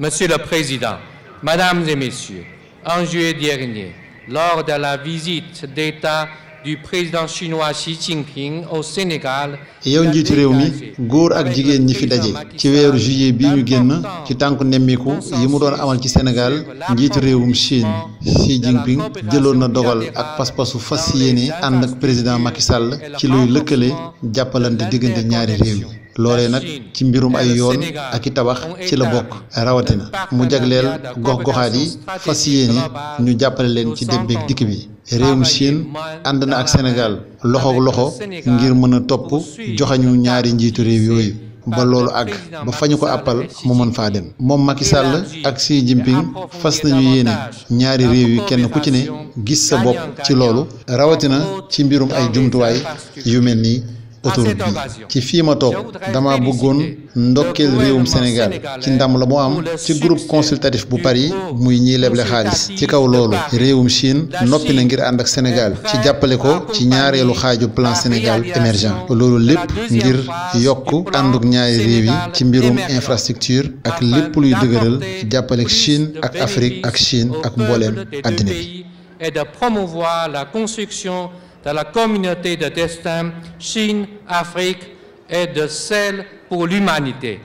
Monsieur le Président, Mesdames et Messieurs, en juillet dernier, lors de la visite d'État du président chinois Xi Jinping au Sénégal. yow njiitu réew mi góor ak jigéen ñi fi daje ci weeru juillet bi ñu génn ci tànku nemmiku yi mu doon amal ci Sénégal njiitu réewum Chine Xi Jinping jëloon na dogal ak pas-pasu fas yéene ànd ak président Macky Sall ci luy lëkkale jàppalante diggante ñaari réew yi. loole nag ci mbirum ay yoon ak i tabax ci la bokk rawatina mu jagleel gox-goxaat yi fas yéene ñu jàppale leen ci dem dikk bi réewum Chine ànd na ak senegal loxo loxo ngir mën a topp joxañu ñaari njiitu réew yooyu ba loolu àgg ba fañu ko àppal mu mën faa dem moom Macky sàll ak si Jinping fas nañu yéene ñaari réew yi kenn ku ci ne gis sa bopp ci loolu rawatina ci mbirum ay jumtuwaay yu mel nii autoroute bi ci fii ma toog dama bëggoon ndokkeel réewum Sénégal ci ndam la mu am ci groupe consultatif bu Paris muy ñiy leble xaalis ci kaw loolu réewum Chine noppi na ngir ànd ak Sénégal ci jàppale ko ci ñaareelu xaaju plan Sénégal émergent loolu lépp ngir yokk ànduk ñaari réew yi ci mbirum infrastructure ak lépp luy dëgëral jàppale Chine ak Afrique ak Chine ak mbooleem àddina bi. dans la communauté de destin Chine-Afrique et de celle pour l'humanité.